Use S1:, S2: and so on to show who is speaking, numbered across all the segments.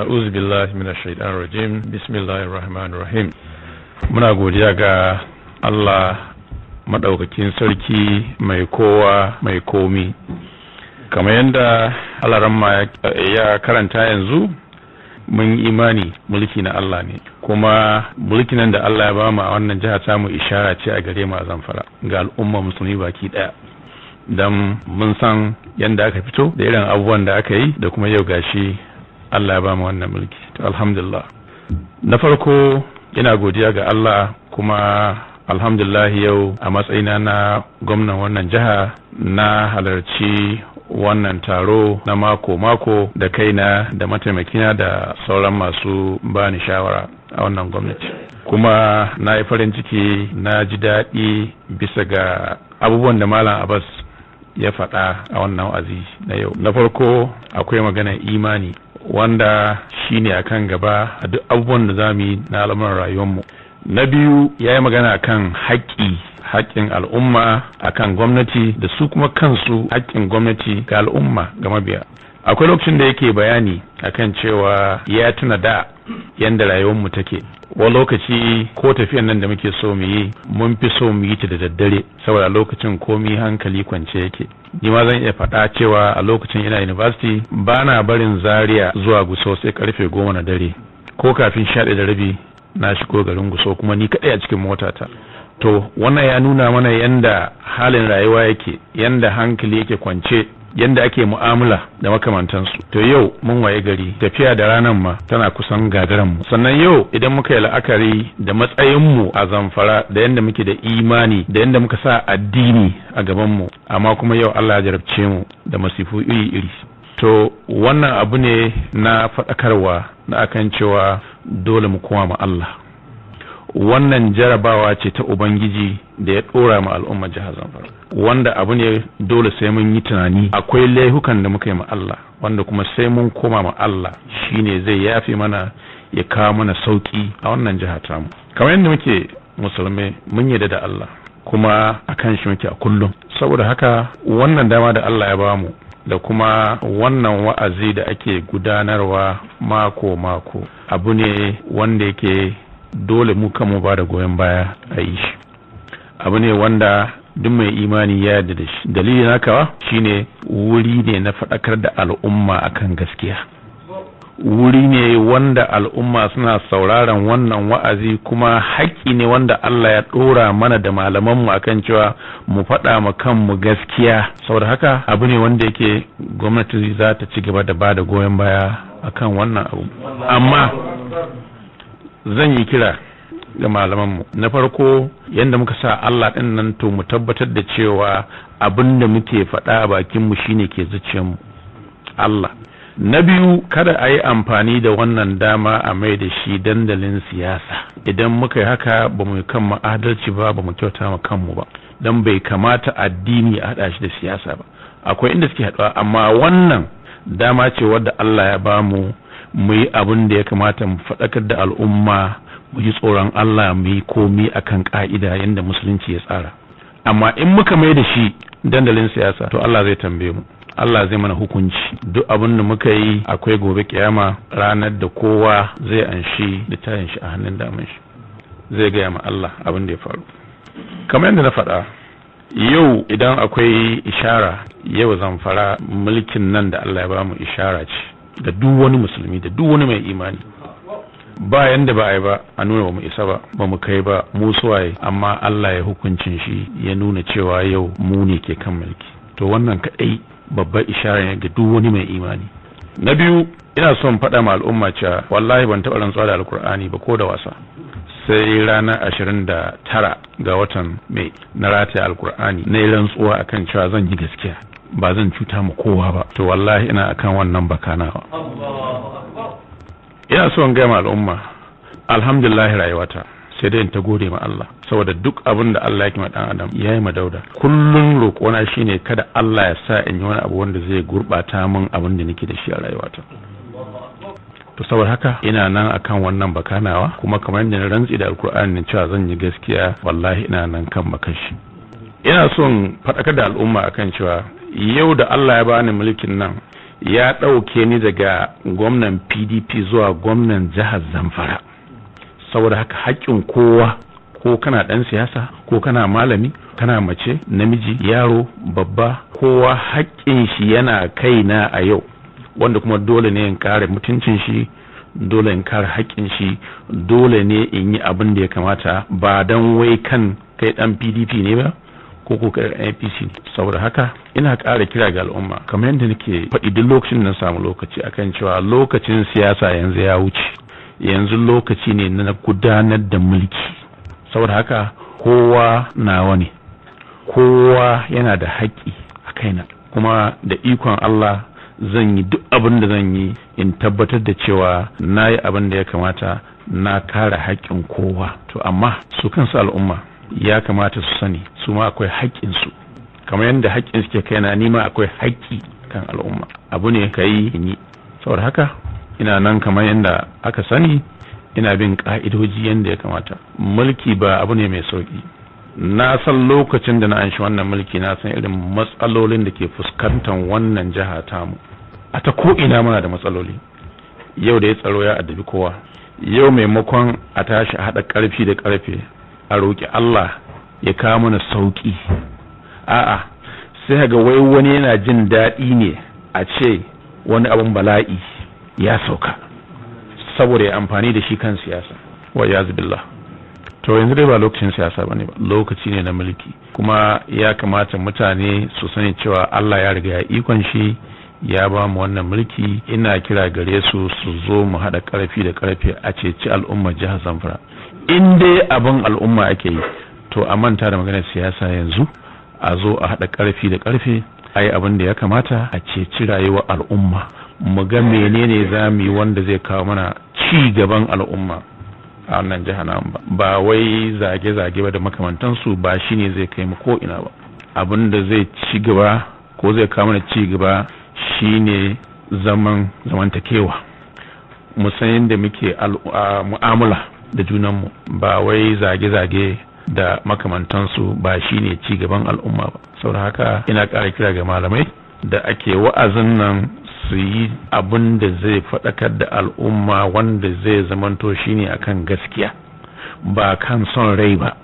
S1: a'udhu billahi minash shaitanir rajim bismillahir rahmanir rahim muna godiya ga Allah madaukakin sarki mai kowa mai komi kamar yadda alaramma ya karanta yanzu mun imani mulki na Allah ne kuma mulki da Allah ya bamu a wannan jiha ta mu ishara ce a gare mu a zamfara ga al'umma musulmi baki daya dan mun san yadda aka fito da irin abubuwan da aka yi da kuma yau gashi Allah ya ba mu wannan mulki to alhamdulillah na farko ina godiya ga Allah kuma alhamdulillah yau a matsayina na gwamnan wannan jiha na halarci wannan taro na mako-mako da kaina da mataimakina da sauran masu bani shawara a wannan gwamnati kuma na yi farin ciki na ji daɗi bisa ga abubuwan da malam abbas ya faɗa a wannan wa'azi na yau na farko akwai magana imani wanda shi ne a kan gaba a duk abubuwan da zamu yi na al'amuran rayuwarmu na biyu ya yi magana a kan haƙƙi haƙƙin al'umma a kan gwamnati da su kuma kansu haƙƙin gwamnati ga al'umma ga mabiya akwai lokacin da yake bayani akan cewa ya tuna da yadda rayuwarmu take wa lokaci ko tafiyan nan da muke so mu yi mun fi so mu yi ta da daddare saboda lokacin komi hankali kwance yake ni ma zan iya faɗa cewa a lokacin ina university ba na barin zaria zuwa guso sai karfe goma na dare ko kafin sha da rabi na shigo garin guso kuma ni kaɗai a cikin motata to wannan ya nuna mana yanda halin rayuwa yake yanda hankali yake kwance Yanda ake mu'amala da makamantansu to yau mun waye gari tafiya da ranar ma tana kusan gadaran mu sannan yau idan muka yi la'akari da matsayin mu a zamfara da yadda muke da imani da yadda muka sa addini a gabanmu. mu amma kuma yau Allah ya jarabce mu da masifu iri iri to wannan abu ne na faɗakarwa na akan cewa dole mu koma ma Allah wannan jarabawa ce ta ubangiji da ya ɗora ma al'ummar jihar zamfara wanda abu ne dole sai mun yi tunani akwai laihukan da muka yi ma Allah wanda kuma sai mun koma ma Allah shine zai yafe mana ya kawo mana sauki a wannan jiha mu kamar yadda muke musulmai mun yarda da Allah kuma akan shi muke a kullum saboda haka wannan dama da Allah ya bamu da kuma wannan wa'azi da ake gudanarwa mako-mako abu ne wanda yake dole mu mu ba da goyon baya a yi shi abu ne wanda duk mai imani ya yarda da shi dalilin haka shine wuri ne na faɗakar da al'umma akan gaskiya wuri ne wanda al'umma suna sauraron wannan wa'azi kuma haƙƙi ne wanda Allah ya ɗora mana da malamanmu akan cewa mu faɗa ma kanmu gaskiya saboda haka abu ne wanda yake gwamnati za ta ci gaba da ba da goyon baya akan wannan abu amma zan yi kira ga malamanmu na farko yadda muka sa Allah ɗin nan to mu tabbatar da cewa abin da muke faɗa a bakinmu shine ke mu Allah na biyu kada a yi amfani da wannan dama a mai da shi dandalin siyasa idan muka yi haka ba mu kan mu adalci ba ba mu kyauta ma kanmu ba don bai kamata addini a haɗa shi da siyasa ba akwai inda suke haɗuwa amma wannan dama ce wadda Allah ya bamu mu yi abin da ya kamata mu faɗakar da al'umma mu yi tsoron Allah mu yi komi akan ƙa'ida yadda musulunci ya tsara amma in muka mai da shi dandalin siyasa to Allah zai tambaye mu Allah zai mana hukunci duk abin da muka yi akwai gobe kiyama ranar da kowa zai anshi da tayin shi a hannun damin shi zai gaya ma Allah abin da ya faru kamar yadda na faɗa yau idan akwai ishara yau zamfara mulkin nan da Allah ya ba mu ishara ce da duk wani musulmi da duk wani mai imani bayan da ba a yi ba a nuna ba mu isa ba ba mu kai ba mu suwaye amma Allah ya hukuncin shi ya nuna cewa yau mu ne ke kan mulki to wannan kadai babbar ishara ne ga duk wani mai imani na biyu ina son faɗa ma al'umma cewa wallahi ban taɓa rantsuwa da alkur'ani ba ko da wasa sai ranar ashirin da tara ga watan mai na rataya alkur'ani na yi rantsuwa kan cewa zan yi gaskiya ba zan cuta ma kowa ba to wallahi ina akan wannan bakanawa ina son gaya ma al'umma alhamdulillahi rayuwata sai dai ta gode ma Allah saboda duk abin da Allah yake ma dan adam ya yayi ma dauda kullun roƙona shine kada Allah ya sa in yi wani abu wanda zai gurɓata min abin da nake da shi a rayuwata to saboda haka ina nan akan wannan bakanawa kuma kamar yadda na rantsi da alkur'ani cewa zan yi gaskiya wallahi ina nan kan makashi ina son faɗakar da al'umma akan cewa yau da Allah ya bani mulkin nan ya ɗauke ni daga gwamnan PDP zuwa gwamnan jihar Zamfara saboda haka haƙƙin kowa ko kana ɗan siyasa ko kana malami kana mace namiji yaro babba kowa haƙƙin shi yana kaina a yau wanda kuma dole ne in kare mutuncin shi dole in kare haƙƙin shi dole ne in yi abin da ya kamata ba don wai kan kai ɗan pdp ne ba ko ko kai apc saboda haka ina ƙara kira ga al'umma kamar yadda nake faɗi duk lokacin da na samu lokaci akan cewa lokacin siyasa yanzu ya wuce yanzu lokaci ne na gudanar da mulki saboda haka kowa nawa ne kowa yana da haƙƙi a kaina kuma da ikon Allah zan yi duk abin da zan yi in tabbatar da cewa na yi abin da ya kamata na kare haƙƙin kowa to amma su kansu al'umma ya kamata su sani su ma akwai haƙƙinsu kamar yadda haƙƙin suke kaina nima akwai haƙƙi kan al'umma abu ne ka yi saboda haka ina nan kamar yadda aka sani ina bin ƙa'idoji yadda ya kamata mulki ba abu ne mai sauƙi. na san lokacin da na anshi wannan mulki na san irin matsalolin da ke fuskantar wannan jiha tamu a ta ko'ina muna da matsaloli yau da ya tsaro ya addabi kowa yau maimakon a tashi a haɗa ƙarfi da ƙarfe a roƙi Allah ya kawo mana sauƙi a'a sai ga wai wani yana jin daɗi ne a ce wani abin bala'i ya sauka saboda ya amfani da shi kan siyasa wa billah to yanzu dai ba lokacin siyasa ba ne ba lokaci ne na mulki kuma ya kamata mutane su sani cewa Allah ya riga ya ikon shi ya ba mu wannan mulki ina kira gare su su zo mu haɗa ƙarfi da ƙarfe a ceci al'umma jihar zamfara in dai abin al'umma ake yi to a manta da maganar siyasa yanzu a zo a haɗa ƙarfi da ƙarfe a yi abin da ya kamata a ceci rayuwar al'umma mu ga menene za mu yi wanda zai kawo mana ci gaban al'umma a nan jihar ba Ba wai zage-zage ba da makamantansu ba shine zai kai mu ko ina ba abin da zai ci gaba ko zai kawo mana ci gaba shine zaman zamantakewa mu san da muke mu'amala da junanmu ba wai zage-zage da makamantansu ba shine ci gaban al'umma ba saboda haka ina ƙara kira ga malamai da ake wa'azin nan su yi abin da zai faɗakar da al'umma wanda zai zamanto shi shine kan gaskiya ba kan son rai ba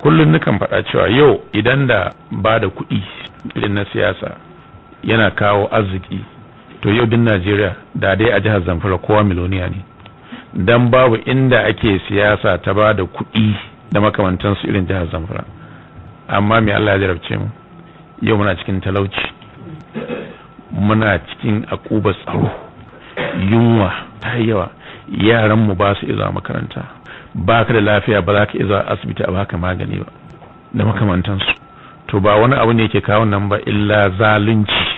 S1: kullum nukan faɗa cewa yau idan da ba da kuɗi irin na siyasa yana kawo arziki to yau din najeriya da dai a jihar zamfara kowa miloniya ne dan babu inda ake siyasa ta ba da kuɗi da makamantansu irin jihar zamfara amma mai allah ya jarabce mu yau muna cikin talauci muna cikin akubar tsaro yunwa ta yawa yaran mu ba su iza makaranta ba ka da lafiya ba za ka iza asibiti a baka magani ba da makamantansu to ba wani abu ne yake kawo nan ba illa zalunci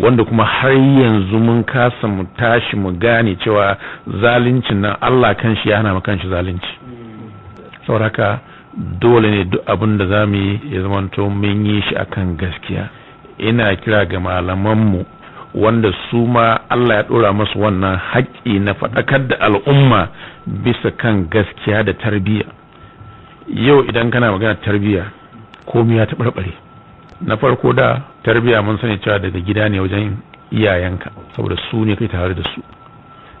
S1: wanda kuma har yanzu mun kasa mu tashi mu gane cewa zaluncin nan Allah kanshi ya hana kanshi zalunci sauraka dole ne duk abin da za mu yi ya zamanto mun yi shi akan gaskiya ina kira ga malamanmu wanda su ma Allah ya ɗora masu wannan haƙƙi na faɗakar da al'umma bisa kan gaskiya da tarbiyya yau idan kana magana tarbiyya komai ya taɓarɓare na farko da tarbiyya mun sani cewa daga gida ne wajen iyayenka saboda su ne kai tare da su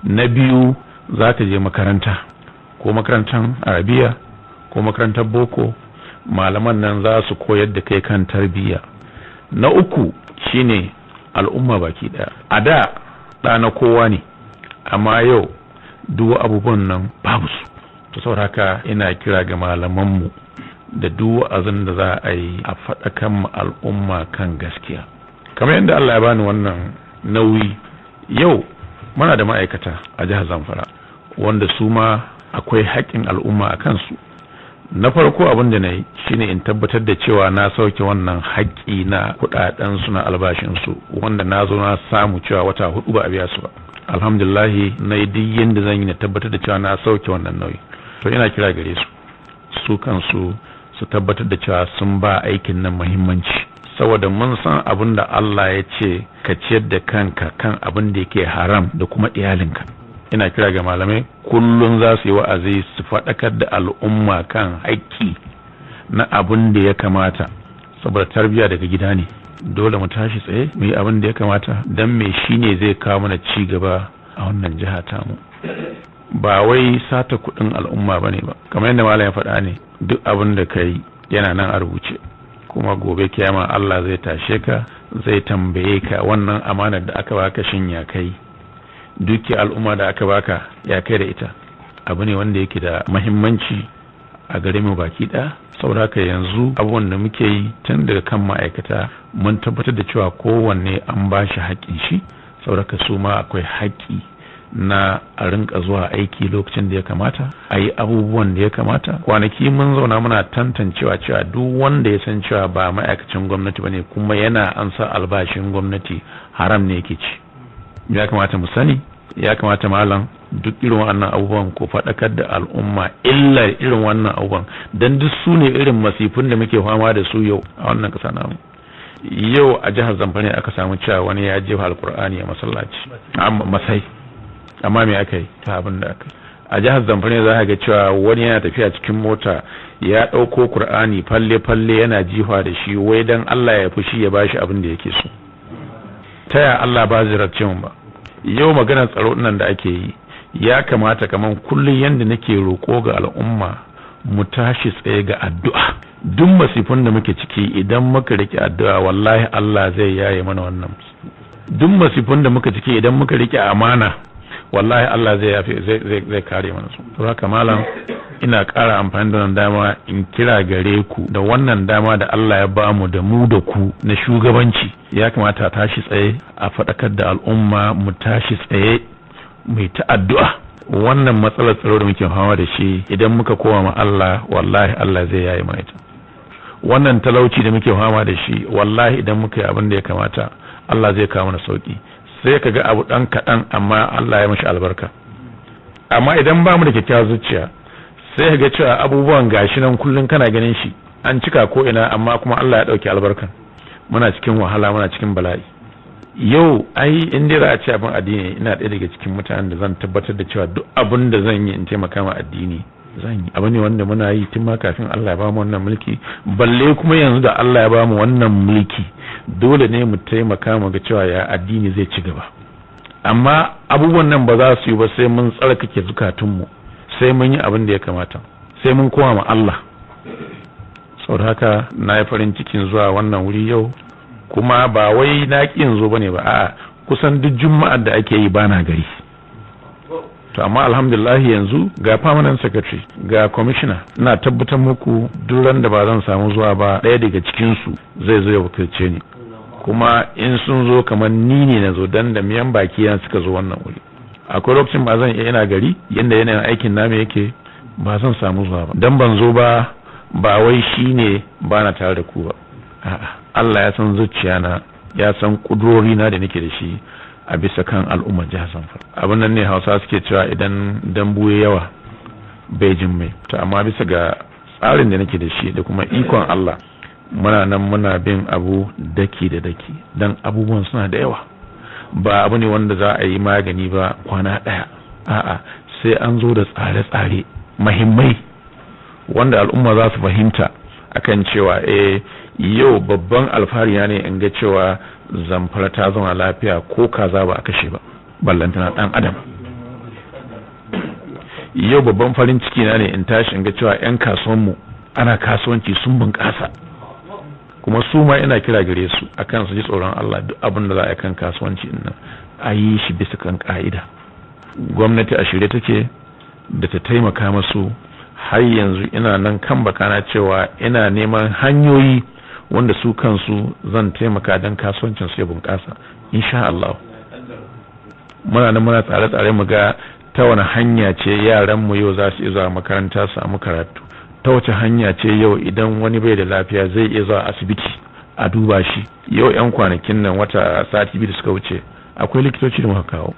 S1: na biyu za ta je makaranta ko makarantar arabiya ko makarantar boko malaman nan za su koyar da kai kan tarbiyya na uku shine al'umma baki daya a da ɗa na kowa ne amma yau duk abubuwan nan babu su to saboda haka ina kira ga malamanmu da duk azan da za a yi a faɗakan al'umma kan gaskiya kamar yadda Allah ya bani wannan nauyi yau muna da ma'aikata a jihar Zamfara wanda su ma akwai haƙƙin al'umma a kansu na farko abin da na yi shine in tabbatar da cewa na sauke wannan haƙƙi na kuɗaɗen su na albashinsu wanda na zo na samu cewa wata hudu ba a biya su ba alhamdulillahi na yi duk yadda zan yi na tabbatar da cewa na sauke wannan nauyi to ina kira gare su su kansu su tabbatar da cewa sun ba aikin nan muhimmanci saboda mun san abin da Allah ya ce ka ciyar da kanka kan abin da yake haram da kuma iyalinka ina kira ga malamai kullum za su yi wa'azi su faɗakar da al'umma kan haƙƙi na abin da ya kamata saboda tarbiyya daga gida ne dole mu tashi tsaye mu yi abin da ya kamata don me shi ne zai kawo mana ci gaba a wannan jiha tamu ba wai sata kuɗin al'umma ba ne ba kamar yadda malam ya faɗa ne duk abin da ka yi yana nan a rubuce kuma gobe kiyama Allah zai tashe ka zai tambaye ka wannan amanar da aka baka shinya ya kai duki al'umma da aka baka ya kai da ita abu ne wanda yake da mahimmanci a gare mu baki ɗaya saboda haka yanzu abubuwan da muke yi tun daga kan ma'aikata mun tabbatar da cewa kowanne an ba shi haƙƙin shi saboda haka su ma akwai haƙƙi na a rinka zuwa aiki lokacin da ya kamata a yi abubuwan da ya kamata kwanaki mun zauna muna tantancewa cewa duk wanda ya san cewa ba ma'aikacin gwamnati ba ne kuma yana ansa albashin gwamnati haram ne yake ci ya kamata mu sani ya kamata malam duk irin wannan abubuwan ko faɗakar da al'umma illa irin wannan abubuwan don duk su ne irin masifin da muke fama da su yau a wannan ƙasa namu yau a jihar zamfara aka samu cewa wani ya jefa alkur'ani a masallaci masai amma me aka yi ta abin da aka yi a jihar zamfara za ka ga cewa wani yana tafiya cikin mota ya ɗauko kur'ani falle-falle yana jifa da shi wai don allah ya fushi ya bashi abin da yake so ta ya allah ba zirarcin ba yau maganar tsaro nan da ake yi ya kamata kaman kullum yadda nake roƙo ga al'umma mu tashi tsaye ga addu'a duk masifin da muke ciki idan muka riƙe addu'a wallahi Allah zai yaye mana wannan duk masifin da muka ciki idan muka riƙe amana wallahi Allah zai yafi zai zai kare mana su to haka malam ina ƙara amfani da wannan dama in kira gare ku da wannan dama da Allah ya bamu da mu da ku na shugabanci ya kamata a tashi tsaye a faɗakar da al'umma mu tashi tsaye mai ta addu'a wannan matsalar tsaro da muke fama da shi idan muka koma ma Allah wallahi Allah zai yayi mana ita wannan talauci da muke fama da shi wallahi idan muka yi abin da ya kamata Allah zai kawo mana sauki sai ka ga abu ɗan kaɗan amma Allah ya mashi albarka amma idan ba mu da kyakkyawar zuciya sai ka ga cewa abubuwan gashi nan kullum kana ganin shi an cika ko ina amma kuma Allah ya ɗauki albarka muna cikin wahala muna cikin bala'i yau ai in dai za a ce abin addini ina ɗaya daga cikin mutanen da zan tabbatar da cewa duk abin da zan yi in taimaka ma addini zan abu ne wanda muna yi tun ma kafin Allah ya ba mu wannan mulki balle kuma yanzu da Allah ya ba mu wannan mulki dole ne mu taimaka mu ga cewa ya addini zai ci gaba amma abubuwan nan ba za su yi ba sai mun tsarkake zukatunmu sai mun yi abin da ya kamata sai mun koma ma Allah saboda haka na yi farin cikin zuwa wannan wuri yau kuma ba wai na ƙi yanzu bane ba a'a kusan duk juma'ar da ake yi bana gari to amma alhamdulillah yanzu ga permanent secretary ga commissioner ina tabbatar muku duran da ba zan samu zuwa ba ɗaya daga cikin su zai zo ya wakilce ni kuma in sun zo kamar ni ne na zo dan da miyan baki yana suka zo wannan wuri akwai lokacin ba zan iya ina gari yanda yanayin aikin namu yake ba zan samu zuwa ba dan ban zo ba ba wai shine ba na tare da ku ba Allah ya san zuciya na ya san kudurori na da nake da shi a bisa kan al'ummar jihar zamfara abin nan ne hausa suke cewa idan dambu ya yawa bai jin mai to amma bisa ga tsarin da nake da shi da kuma ikon allah muna nan muna bin abu daki da daki dan abubuwan suna da yawa ba abu ne wanda za a yi magani ba kwana ɗaya a'a sai an zo da tsare-tsare mahimmai wanda al'umma za su fahimta akan cewa eh yau babban alfariya ne in ga cewa zamfara ta zama lafiya ko kaza ba a kashe ba ballantana dan adam yau babban farin ciki na ne in tashi in ga cewa yan kasuwanmu ana kasuwanci sun bunƙasa kuma su ma ina kira gare su akan su ji tsoron Allah duk abin da za a kan kasuwanci nan a yi shi bisa kan ka'ida gwamnati a shirye take da ta taimaka masu har yanzu ina nan kan bakana cewa ina neman hanyoyi wanda su kansu zan taimaka don kasuwancin su ya bunƙasa insha Allah muna nan muna tsare-tsare mu ga ta wani hanya ce yaran mu yau za su iya zuwa makaranta su samu karatu ta wace hanya ce yau idan wani bai da lafiya zai iya zuwa asibiti a duba shi yau yan kwanakin nan wata sati biyu da suka wuce akwai likitoci da muka kawo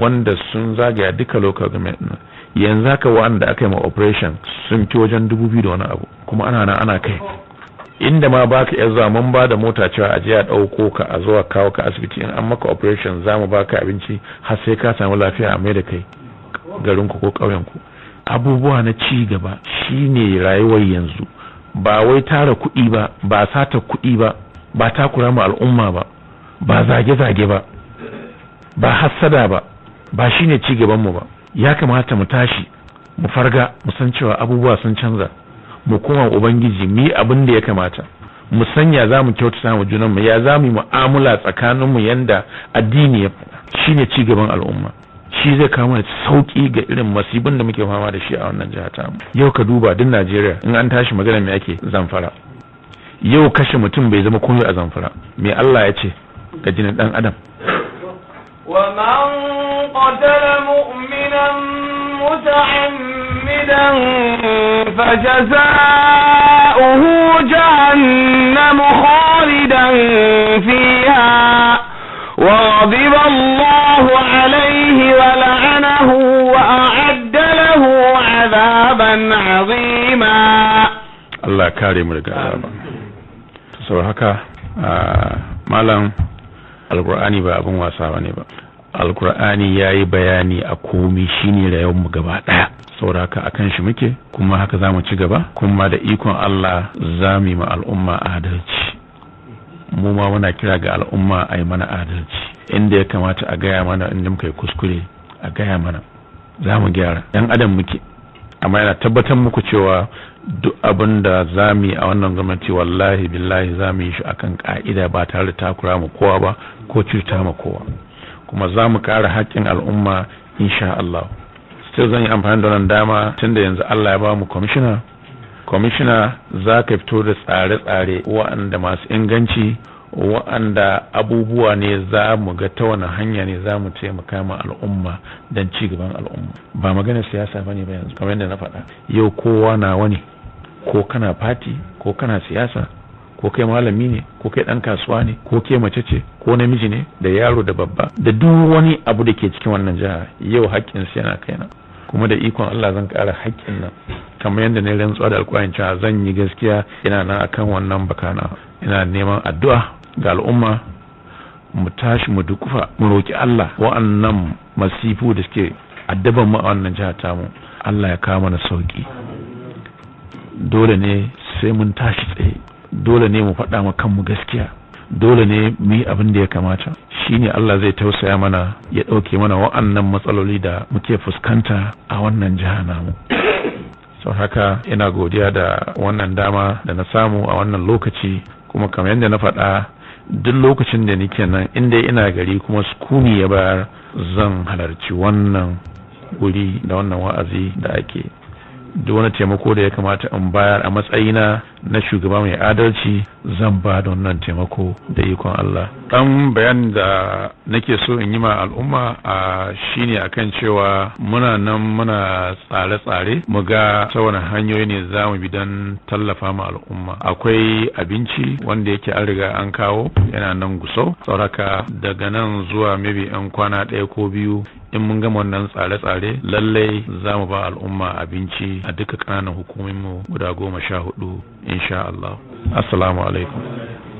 S1: wanda sun zagaya duka local government yanzu haka wanda aka yi ma operation sun fi wajen dubu biyu da wani abu kuma ana nan ana kai inda ma baka yar zuwa mun bada mota cewa a je a ɗauko ka a zuwa kawo ka asibiti in an maka operation za mu baka abinci har sai ka samu lafiya a mai da kai ku ko ƙauyen ku. abubuwa na ci gaba shine rayuwar yanzu ba wai tara kuɗi ba ba sata kuɗi ba ba ta takura mu al'umma ba ba zage-zage ba ba hassada ba ba shine ci gaban mu ba ya kamata mu tashi mu farga mu san cewa abubuwa sun canza mu kuma ubangiji mu abin da ya kamata mu sanya za mu kyautata wa mu ya za mu yi mu'amala tsakaninmu yanda addini ya shine ci gaban al'umma shi zai kawo mana sauki ga irin masibin da muke fama da shi a wannan jiha ta yau ka duba duk Najeriya in an tashi magana me ake zamfara yau kashe mutum bai zama komai a zamfara me Allah ya ce ga jinin dan adam wa man qatala mu'minan muta'ammidan عبدا فجزاؤه جهنم خالدا فيها وغضب الله عليه ولعنه وأعد له عذابا عظيما الله كريم لك عذابا تصور هكا آه، مالا القرآن بأبو واسع ونبأ alkur'ani ya yi bayani a komi shine mu gaba ɗaya sauraka a kan shi muke kuma haka za mu ci gaba kuma da ikon allah za mu yi ma al'umma adalci mu ma muna kira ga al'umma a yi mana adalci inda ya kamata a gaya mana inda muka yi kuskure a gaya mana za mu gyara yan adam muke amma yana tabbatar muku cewa duk abin da za mu yi a wannan gwamnati wallahi billahi za mu yi shi akan ka'ida ba tare da takura mu kowa ba ko cuta mu kowa kuma za mu kare haƙƙin al'umma insha Allah still zan yi amfani da wannan dama tunda yanzu Allah ya ba mu kwamishina kwamishina za ka fito da tsare-tsare wa'anda masu inganci wa'anda abubuwa ne za mu ga ta wani hanya ne za mu taimaka ma al'umma don ci gaban al'umma ba maganar siyasa ba ne ba yanzu kamar yadda na faɗa yau kowa na wani ko kana fati ko kana siyasa ko kai malami ne ko kai dan kasuwa ne ko kai mace ce ko namiji ne da yaro da babba da duk wani abu da ke cikin wannan jiha yau haƙƙin su yana na. kuma da ikon Allah zan ƙara haƙƙin nan kamar yadda na rantsuwa da alƙawarin cewa zan yi gaskiya ina nan akan wannan bakana ina neman addu'a ga al'umma mu tashi mu dukufa mu roki Allah wa'annan masifu da suke addaban mu a wannan jiha tamu Allah ya kama na sauki dole ne sai mun tashi tsaye dole ne mu faɗa ma kanmu gaskiya dole ne mu yi abin da ya kamata shine Allah zai tausaya mana ya ɗauke mana wa'annan matsaloli da muke fuskanta a wannan jiha namu sau haka ina godiya da wannan dama da na samu a wannan lokaci kuma kamar yadda na faɗa duk lokacin da nike nan inda ina gari kuma sukuni ya bayar zan halarci wannan wuri da wannan wa'azi da ake duk wani taimako da ya kamata in bayar a matsayina na shugaba mai adalci zan ba da wannan taimako da ikon Allah. Dan bayan da nake so in yi ma al'umma a shine akan cewa muna nan muna tsare-tsare mu ga ta wani hanyoyi ne za mu bi don tallafa ma al'umma. Akwai abinci wanda yake an riga an kawo yana nan gusau Tsoraka daga nan zuwa maybe yan kwana ɗaya ko biyu in mun gama wannan tsare-tsare lallai za mu ba al'umma abinci a duka ƙananan hukumomin mu guda goma sha hudu insha Allah. Assalamu Gracias.